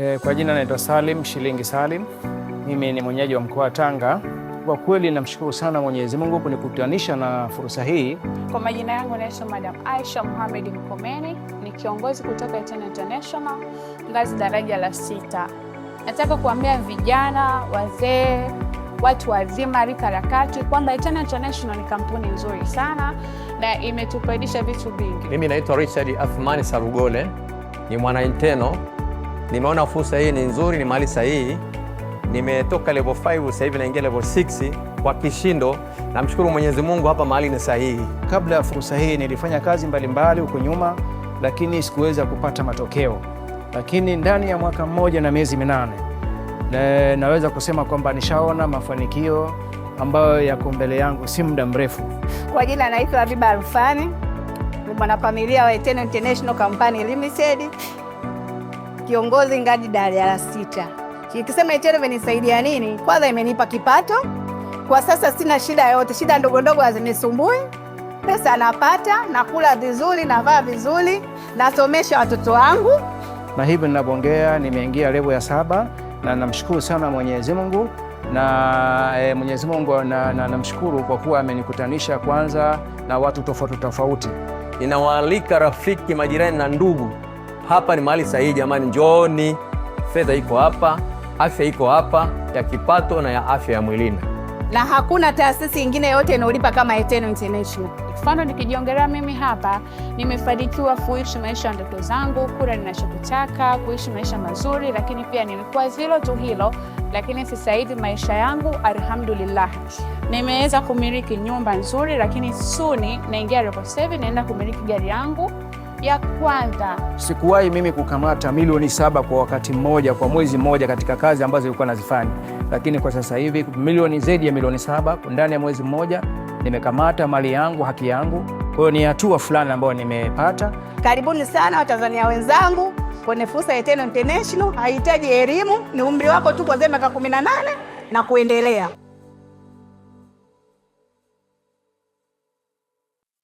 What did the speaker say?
E, kwa jina naitwa Salim Shilingi Salim. Mimi ni mwenyeji wa mkoa wa Tanga. Kwa kweli namshukuru sana Mwenyezi Mungu kunikutanisha na fursa hii. Kwa majina yangu naitwa Madam Aisha Mohamed Mkomeni, ni kiongozi kutoka Eternal International ngazi daraja la sita. Nataka kuambia vijana, wazee, watu wazima, rika la kati kwamba Eternal International ni kampuni nzuri sana na imetufaidisha vitu vingi. Mimi naitwa Richard Athmani Sarugole, ni mwana Eternal Nimeona fursa hii ni nzuri, ni mali sahihi. Nimetoka level 5 sasa hivi naingia level 6 kwa kishindo. Namshukuru Mwenyezi Mungu, hapa mahali ni sahihi. Kabla ya fursa hii nilifanya kazi mbalimbali huko nyuma, lakini sikuweza kupata matokeo. Lakini ndani ya mwaka mmoja na miezi minane na naweza kusema kwamba nishaona mafanikio ambayo yako mbele yangu si muda mrefu. Kwa jina anaitwa Habiba Alfani, mwanafamilia wa Eternal International Company Limited kiongozi ngazi daraja la sita. Ikisema Itelo imenisaidia nini? Kwanza imenipa kipato, kwa sasa sina shida yoyote, shida ndogondogo hazinisumbui. Pesa napata, nakula vizuri, navaa vizuri, nasomesha watoto wangu, na hivyo ninavyoongea nimeingia levo ya saba, na namshukuru sana Mwenyezi Mungu na e, Mwenyezi Mungu namshukuru na, na kwa kuwa amenikutanisha kwanza na watu tofauti tofauti. Ninawaalika rafiki, majirani na ndugu hapa ni mahali sahihi jamani, njooni. Fedha iko hapa, afya iko hapa, ya kipato na ya afya ya mwilini, na hakuna taasisi ingine yote inaolipa kama Eternal International. Mfano, nikijiongelea mimi hapa, nimefanikiwa kuishi maisha ya ndoto zangu, kula ninachotaka, kuishi maisha mazuri, lakini pia nilikuwa zilo tu hilo, lakini sasa hivi maisha yangu alhamdulillah, nimeweza kumiliki nyumba nzuri, lakini suni naingia 7 naenda kumiliki gari yangu ya kwanza. Sikuwahi mimi kukamata milioni saba kwa wakati mmoja kwa mwezi mmoja katika kazi ambazo nilikuwa nazifanya, lakini kwa sasa hivi milioni zaidi ya milioni saba ndani ya mwezi mmoja nimekamata mali yangu, haki yangu. Kwa hiyo ni hatua fulani ambayo nimepata. Karibuni sana Watanzania wenzangu kwenye fursa ya Eternal International. Haihitaji elimu, ni umri wako tu kuanzia miaka 18 na kuendelea.